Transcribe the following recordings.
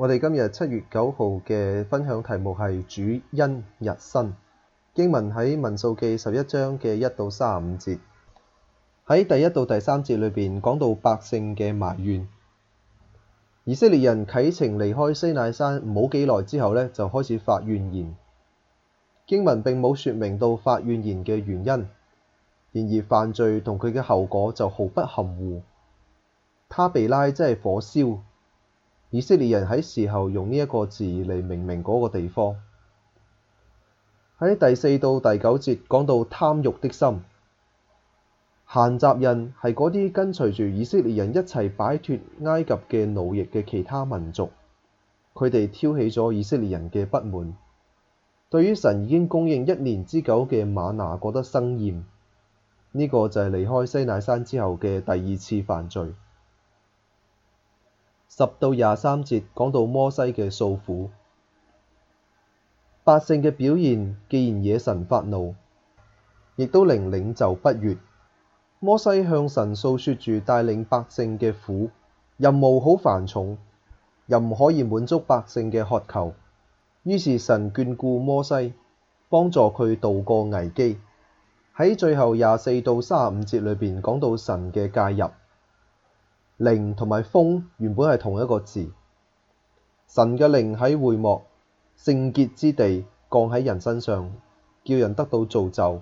我哋今日七月九號嘅分享題目係主恩日新，經文喺民數記十一章嘅一到三十五節。喺第一到第三節裏邊講到百姓嘅埋怨，以色列人啟程離開西奈山冇幾耐之後呢，就開始發怨言，經文並冇説明到發怨言嘅原因，然而犯罪同佢嘅後果就毫不含糊，他被拉即係火燒。以色列人喺時候用呢一個字嚟命名嗰個地方。喺第四到第九節講到貪欲的心。閒雜人係嗰啲跟隨住以色列人一齊擺脱埃及嘅奴役嘅其他民族。佢哋挑起咗以色列人嘅不滿，對於神已經供應一年之久嘅瑪拿覺得生厭。呢、這個就係離開西乃山之後嘅第二次犯罪。十到廿三節講到摩西嘅訴苦，百姓嘅表現既然惹神發怒，亦都令領袖不悦。摩西向神訴説住帶領百姓嘅苦，任務好繁重，又唔可以滿足百姓嘅渴求。於是神眷顧摩西，幫助佢渡過危機。喺最後廿四到三十五節裏邊講到神嘅介入。靈同埋風原本係同一個字，神嘅靈喺會幕聖潔之地降喺人身上，叫人得到造就。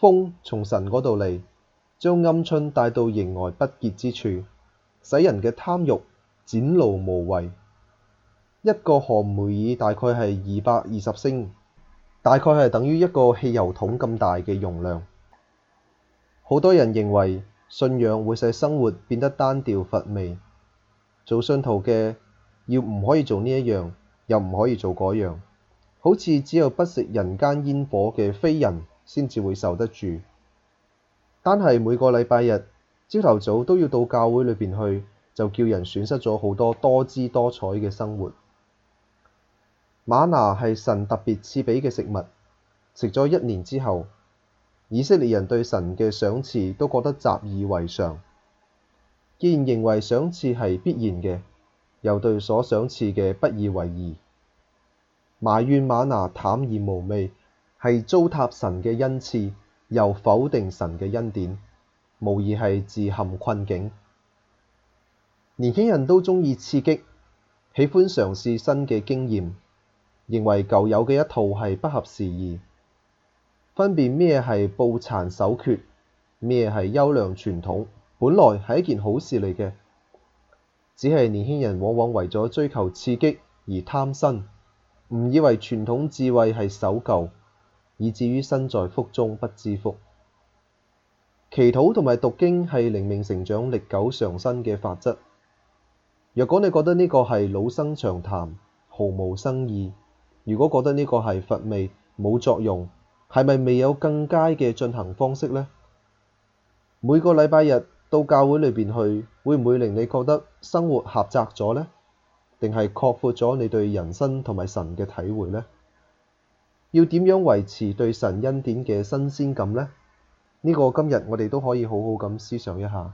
風從神嗰度嚟，將鵪鶉帶到營外不潔之處，使人嘅貪慾展露無遺。一個寒梅爾大概係二百二十升，大概係等於一個汽油桶咁大嘅容量。好多人認為。信仰會使生活變得單調乏味，做信徒嘅要唔可以做呢一樣，又唔可以做嗰樣，好似只有不食人間煙火嘅非人先至會受得住。單係每個禮拜日朝頭早都要到教會裏邊去，就叫人損失咗好多多姿多彩嘅生活。嗎哪係神特別賜俾嘅食物，食咗一年之後。以色列人對神嘅賞賜都覺得習以為常，既然認為賞賜係必然嘅，又對所賞賜嘅不以為意，埋怨嗎哪淡而無味，係糟蹋神嘅恩賜，又否定神嘅恩典，無疑係自陷困境。年輕人都鍾意刺激，喜歡嘗試新嘅經驗，認為舊有嘅一套係不合時宜。分辨咩係抱殘守缺，咩係優良傳統，本來係一件好事嚟嘅。只係年輕人往往為咗追求刺激而貪新，唔以為傳統智慧係守舊，以至於身在福中不知福。祈禱同埋讀經係靈命成長、歷久常新嘅法則。若果你覺得呢個係老生常談，毫無新意；如果覺得呢個係乏味冇作用，係咪未有更佳嘅進行方式呢？每個禮拜日到教會裏邊去，會唔會令你覺得生活狹窄咗呢？定係擴闊咗你對人生同埋神嘅體會呢？要點樣維持對神恩典嘅新鮮感呢？呢、呢個今日我哋都可以好好咁思想一下。